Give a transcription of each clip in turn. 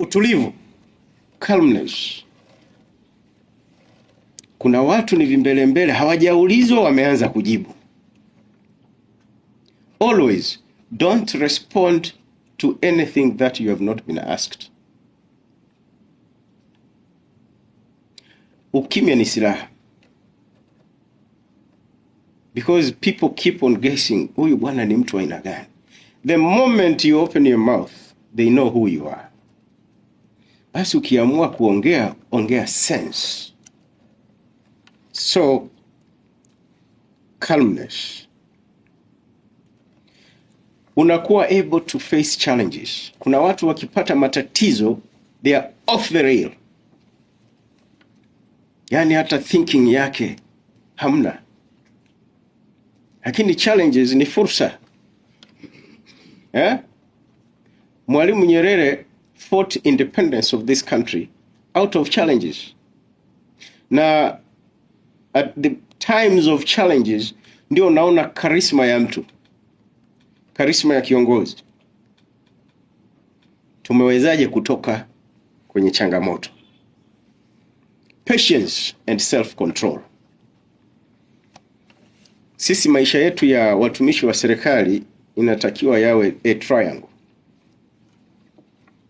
utulivu calmness. Kuna watu ni vimbelembele, hawajaulizwa wameanza kujibu. Always don't respond to anything that you have not been asked. Ukimya ni silaha because people keep on guessing, huyu bwana ni mtu aina gani? The moment you open your mouth they know who you are basi ukiamua kuongea ongea sense. So calmness, unakuwa able to face challenges. Kuna watu wakipata matatizo they are off the rail, yaani hata thinking yake hamna, lakini challenges ni fursa eh? Mwalimu Nyerere fought independence of this country out of challenges Now, at the times of challenges ndio naona karisma ya mtu, karisma ya kiongozi. Tumewezaje kutoka kwenye changamoto? Patience and self control. Sisi maisha yetu ya watumishi wa serikali inatakiwa yawe a triangle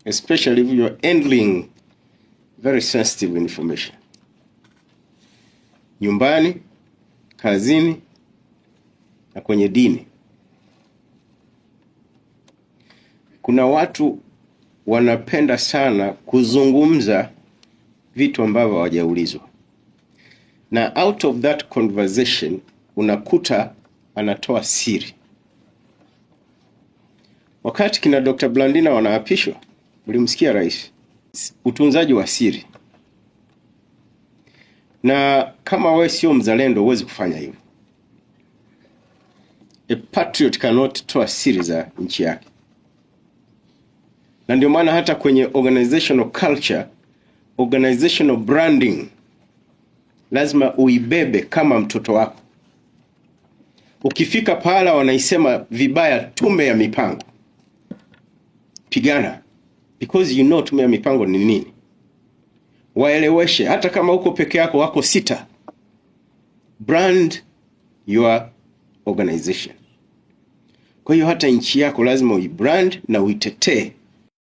especially if you are handling very sensitive information nyumbani, kazini na kwenye dini. Kuna watu wanapenda sana kuzungumza vitu ambavyo hawajaulizwa, na out of that conversation unakuta anatoa siri. Wakati kina Dr. Blandina wanaapishwa ulimsikia rais, utunzaji wa siri. Na kama wewe sio mzalendo, huwezi kufanya hivyo. A patriot cannot toa siri za nchi yake, na ndio maana hata kwenye organizational culture, organizational branding lazima uibebe kama mtoto wako. Ukifika pahala wanaisema vibaya tume ya mipango, pigana because you know tume ya mipango ni nini, waeleweshe. Hata kama uko peke yako, wako sita, brand your organization. Kwa hiyo hata nchi yako lazima uibrand na uitetee